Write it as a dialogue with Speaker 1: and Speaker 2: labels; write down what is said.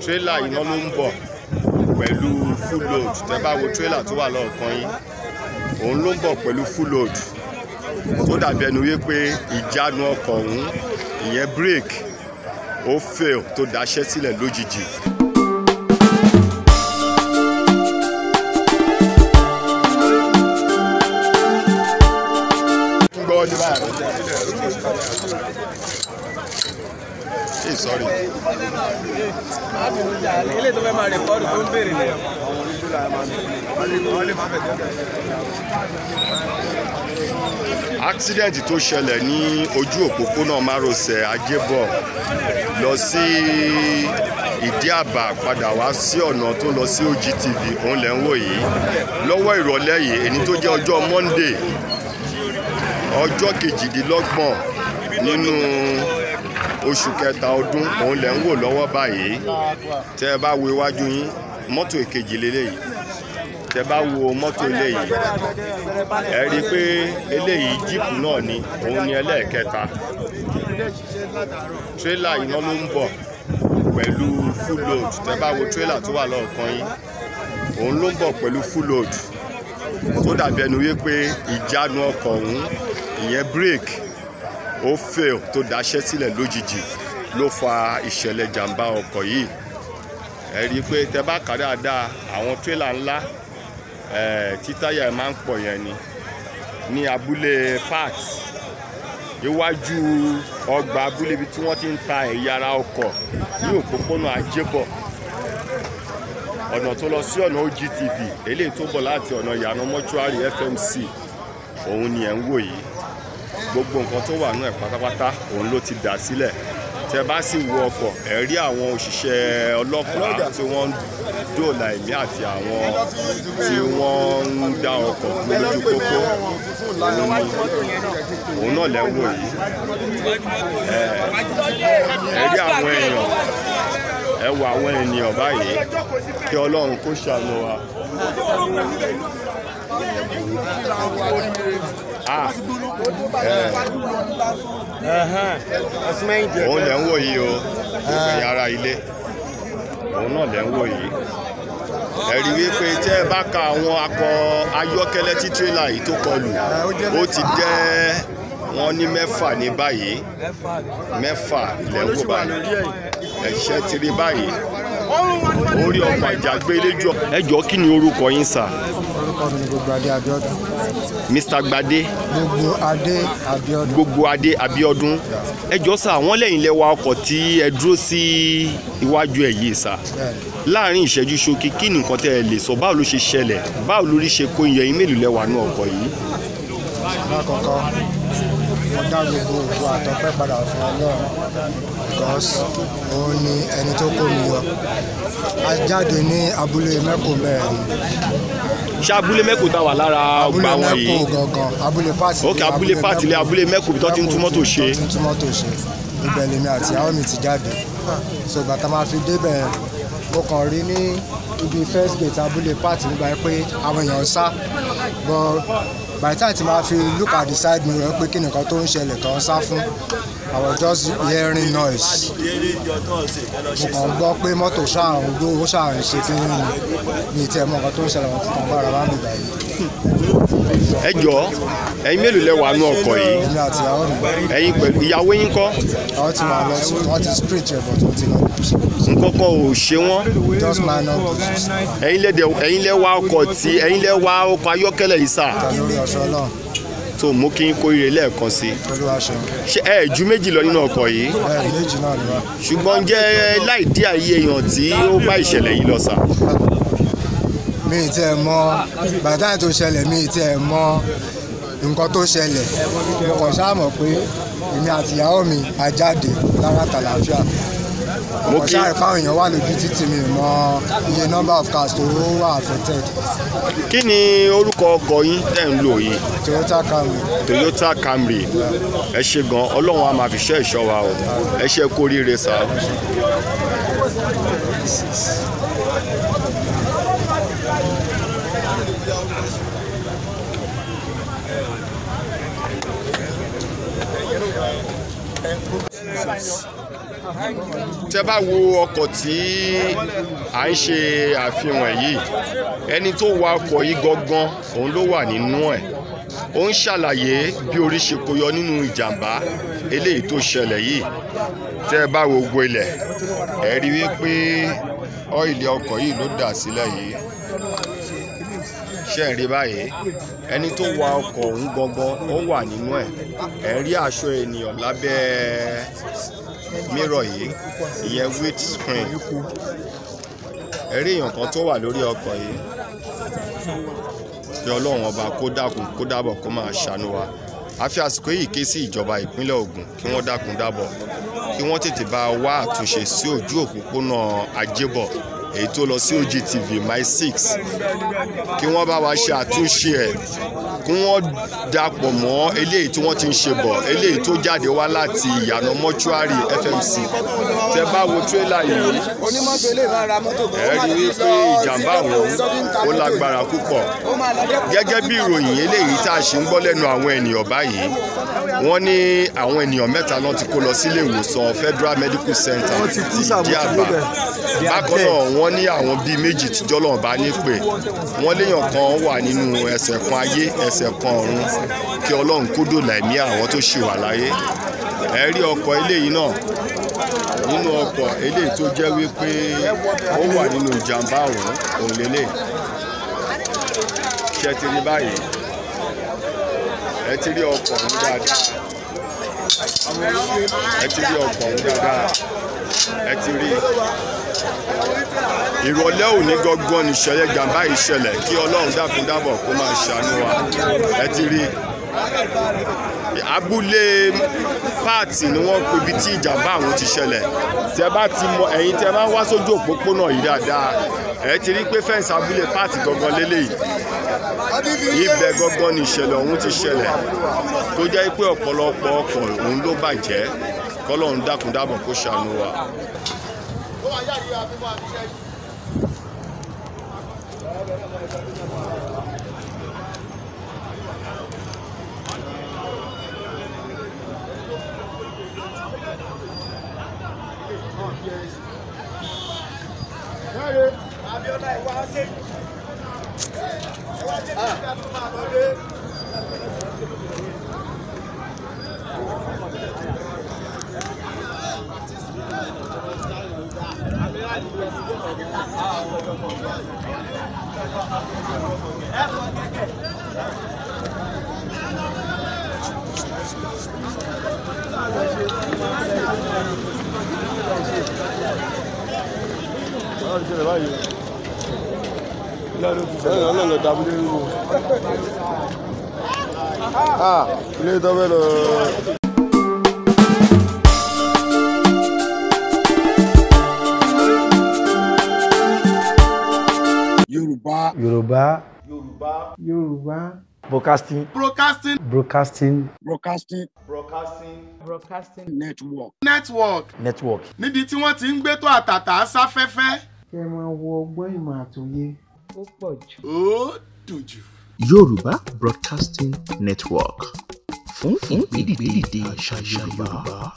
Speaker 1: tírélà iná ló ń bọ̀ pẹ̀lú full load tẹ́ bá wo tírélà tó wà lọ́ọ̀kan yín òun ló ń bọ̀ pẹ̀lú full load tó dàbí ẹnu wípé ìjánu ọkọ̀ ọ̀hún ìyẹn brake ó fail tó daṣẹ́ sílẹ̀ lójijì sorry sorry. ilé tó fẹ́ máa rẹ̀kọ́dù tó ń béèrè lẹ́yìn. accident tó ṣẹlẹ̀ ní ojú òpópónà márosẹ̀ ajébọ̀ lọ sí ìdí àbá padà wá sí ọ̀nà tó lọ sí OGTV òun lẹ́ ń wò yìí lọ́wọ́ ìrọ̀lẹ́ yìí èyí tó jẹ́ ọjọ́ Monday ọjọ́ kejìdínlọ́gbọ̀n nínú. No, oṣù kẹta ọdún òun lẹ̀ ń wò lọ́wọ́ báyìí tẹ́ ẹ bá wo iwájú yín mọ́tò èkejì lélẹ́yìí tẹ́ ẹ bá wo mọ́tò eléyìí ẹ rí i pé eléyìí jíìpù náà ni òun ni ẹlẹ́ẹ̀kẹta tírélà iná ló ń bọ̀ pẹ̀lú full load tẹ́ ẹ bá wo tírélà tó wà lọ́ọ̀kan yín òun ló ń bọ̀ pẹ̀lú full load tó dàbí ẹnu wípé ìjánu ọkọ̀ ọ̀hún ìyẹn brake ó fail tó daṣẹ́ sílẹ̀ lójijì ló fa ìṣẹ̀lẹ̀ jàǹbá ọkọ̀ yìí ẹ rí i pé tẹ bá kà dáadáa àwọn tírélà ńlá tí táyà ẹ̀ máa ń pọ̀ yẹn ni ní abúlé part iwájú ọgbà abúlé ibi tí wọ́n ti ń ta ẹ̀yà ara ọkọ̀ ní òpópónà àjẹbọ̀ ọ̀nà tó lọ sí ọ̀nà OGTV eléyìí tó bọ̀ láti ọ̀nà ìyànà mọ́túárì FMC òun ni ẹ̀ ń wò yìí gbogbo nǹkan tó wà náà pátápátá òun ló ti dà sílẹ̀ tẹ bá sì wọ ọkọ̀ ẹ rí àwọn òṣìṣẹ́ ọlọ́pàá tí wọ́n ń dóòlà ẹ̀mí àti àwọn tí wọ́n ń dá ọkọ̀ lójú pópó òun náà lẹ́wọ̀ yìí ẹ rí àwọn èèyàn ẹ wọ àwọn ènìyàn báyìí kí Ọlọ́run kó ṣàánú wa. Ah. òun lẹ̀ ń wò yìí o ẹ̀yin ilé òun náà lẹ̀ ń wò yìí ẹ̀rí wípé tẹ́ ẹ bá ka àwọn akọ ayọ́kẹ́lẹ́ tí tírélà yìí tó kọlù ó ti jẹ́ wọ́n ní mẹ́fà ní báyìí mẹ́fà lẹ́wọ́ báyìí ẹ̀ṣẹ́ ti rí báyìí orí ọkọ̀ ìjà gbélé jọ. ẹ jọ kí ni orúkọ yín sà.
Speaker 2: orúkọ mi ni gbogbo adé adé
Speaker 1: Mr. Gbadé.
Speaker 2: gbogbo adé
Speaker 1: Abíọ́dún. gbogbo adé Abíọ́dún ẹ jọ sá àwọn lẹ́yìn lẹ́wà ọkọ̀ tí ẹ dúró sí iwájú ẹ̀ yìí sá láàrin ìṣẹ́jú ṣókí kí ni nǹkan tẹ́ ẹ lè sọ báwo ló ṣe ṣẹlẹ̀ báwo lórí ṣe kó iye yín mélòó lẹ́wà nú ọkọ̀ yìí.
Speaker 2: lákọ̀ọ́kọ́ mo dá gbogbo ògbó àtọ́pẹ́ padà fún Ọlọ́run because òun ni ẹni tó kó mi yọ a jáde ní abúlé mẹ́kò mẹ́rin.
Speaker 1: ṣé abúlé mẹ́kò tá a wà lára ọgbà wọn yìí abúlé mẹ́kò
Speaker 2: gangan abúlé pàtì ok abúlé pàtì lé abúlé mẹ́kò tó ti ń túmọ̀ tó ṣe. tó ti ń túmọ̀ tó ṣe ibẹ̀ lèmi àti àwọn mi ti jáde so bàtà máa fi débẹ̀ mo kàn rí ní ibi first gate abúlé pàtì nígbà pé àwọn èèyàn sá but by the time ti máa fi look at the side mirror pé kí nìkan tó ń ṣẹlẹ̀ tó sá fún I was just hearing noise mo kàn gbọ́ pé mọ́tò ṣáà ń gbó ó ṣáà ń ṣe kí ni mi tẹ́ mọ́ nǹkan tó ń ṣẹlẹ̀ wọn ti tàn bára wá mi báyìí ẹ jọ
Speaker 1: ẹyin mélòó lẹ wà nù ọkọ yìí ẹyin pẹ̀lú ìyàwó yín kọ́. àwọn ti máa lọ sí wọn ti ò ṣe wọn. just minor
Speaker 2: disease.
Speaker 1: ẹyin lẹ dẹ ẹyin lẹ wá ọkọ tí ẹyin lẹ wá ọkọ ayọ́kẹ́lẹ́ yìí sà. lórí ọ̀ṣọ́ náà. tó mú kí n kó ire lẹ́ẹ̀kan sí. ṣe ẹ ju méjì lọ nínú ọkọ yìí. ẹ méjì náà ni wá. ṣùgbọ́n jẹ́ láì dí àyè èèyàn tí ó bá ìṣẹ̀lẹ̀ yìí lọ sà
Speaker 2: mi ì tiẹ̀ mọ̀ bàtà tó ṣẹlẹ̀ mi ì tiẹ̀ mọ̀ nǹkan tó ṣẹlẹ̀ mo kàn ṣáà mọ̀ pé èmi àtìyàwó mi a jáde lára tàlàáfíà mo kí ọ̀sán ìpáwọn èèyàn wà lójú títì mi mọ iye number of cars tó wà affected.
Speaker 1: kí ni orúkọ ọkọ̀ yín tẹ̀ ń lò yìí. Toyota Camry. Toyota Camry ẹ ṣe gan ọlọ́run a máa fi ṣe ìṣọ́ wa o ẹ ṣe kóríire sáà. tẹ bá wo ọkọ̀ tí a ń ṣe àfihàn yìí ẹni tó wa ọkọ̀ yìí gangan òun ló wà nínú ẹ̀ ó ń ṣàlàyé bí orí ṣe kó yọ nínú ìjàmbá eléyìí tó ṣẹlẹ̀ yìí tẹ́ ẹ bá wo gbogbo ẹ rí wípé ọ́ìlì ọkọ̀ yìí ló dà sílẹ̀ yìí ṣe ń rí báyìí ẹni tó wa ọkọ̀ ọ̀hún gangan ó wà nínú ẹ̀ ẹ̀ rí aṣọ ènìyàn lábẹ́ mírọ̀ yìí ìyẹn windscreen ẹ rí èèyàn kan tó wà lórí ọkọ̀ yìí kí ọlọ́run ọba kó dákun kó dábọ̀ kó máa ṣàánú wa a fi àsìkò yìí ké sí ìjọba ìpínlẹ̀ Ògùn kí wọ́n dákun dábọ̀ kí wọ́n tètè bá wa àtúnṣe sí ojú òpópónà Ajébọ̀ èyí tó lọ sí OGTV my six kí wọ́n bá wa ṣe àtúnṣe ẹ̀ kí wọ́n dàpọ̀ mọ́ eléyìí tí wọ́n ti ń ṣe bọ̀ eléyìí tó jáde wá láti ìyànà mọ́ṣúárì FMC tẹ bá wo tírélà yìí
Speaker 2: ẹ rí i pé ìjàmbá àwọn ó
Speaker 1: lágbára púpọ̀ gẹ́gẹ́ bí ìròyìn eléyìí tá a ṣe ń gbọ́ lẹ́nu àwọn ènìyàn báyìí wọ́n ní àwọn ènìyàn mẹ́ta náà ti kó lọ sílé ìwòsàn Federal Medical Center ti di àbá bákan náà wọ́n ní àwọn bíi méjì tíjọ́ lọ́wọ́ bá ní pé wọ́n léèyàn kan wà nínú ẹsẹ̀ kan ayé ẹsẹ̀ kan ọ̀run kí ọlọ́run kó dòlà ẹ̀mí àwọn tó ṣì wà láyé ẹ rí ọkọ̀ eléyìí náà nínú ọkọ̀ eléyìí tó jẹ́ wípé ó wà nínú ìjàmbá ọ̀hún òun lélẹ̀ ṣe ti rí báyìí ẹ ti rí ọkọ̀ ọ̀hún dáadáa ẹ ti rí ọkọ̀ ọ̀hún dáadáa ẹ ti rí ìrọ̀lẹ́ òní gangan nìṣẹ̀lẹ̀ jàǹbá ìṣẹ̀lẹ̀ kí ọlọ́run dákun dábọ̀ kó máa ṣàánú wa ẹ ti rí abúlé páàtì ni wọ́n pe ibi tí ìjàmbá àwọn ti ṣẹlẹ̀ tẹ bá ti mọ ẹ̀yin tẹ bá wá sójú òpópónà yìí dáadáa ẹ ti rí pé fẹ́ǹsì abúlé páàtì gangan lélẹ́yìí ibẹ̀ gangan ni ìṣẹ̀lẹ̀ ọ̀hún ti ṣẹlẹ̀ tó jẹ́ pé ọ̀pọ̀lọpọ̀ ọkọ̀ òun ló bàjẹ́ kọ́lọ́run dákun kó ṣàánú wa. abi bu abi şey. ọlọ́run lọ dábúlé ń wò ó ilé ìtọ́fẹ́
Speaker 2: Yorùbá. Yorùbá. Yorùbá. Yorùbá. Broadcasting. Broadcasting. Broadcasting. Broadcasting.
Speaker 1: Broadcasting. Broadcasting. Network. Network. Network. Níbi tí wọ́n ti ń gbé
Speaker 2: tó àtàtà sáfẹ́fẹ́. Kẹ́ máa wo ọgbọ́n ìmọ̀ àtòyé. Ó pọ̀ jù. Ó dùn jù.
Speaker 1: Yorùbá Broadcasting Network.
Speaker 2: Fún ìgbèdìgbèdì
Speaker 1: àṣà Yorùbá.